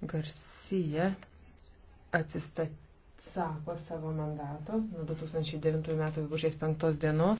Garcija atsisako savo mandato nuo 2009 metų gegužės 5 dienos.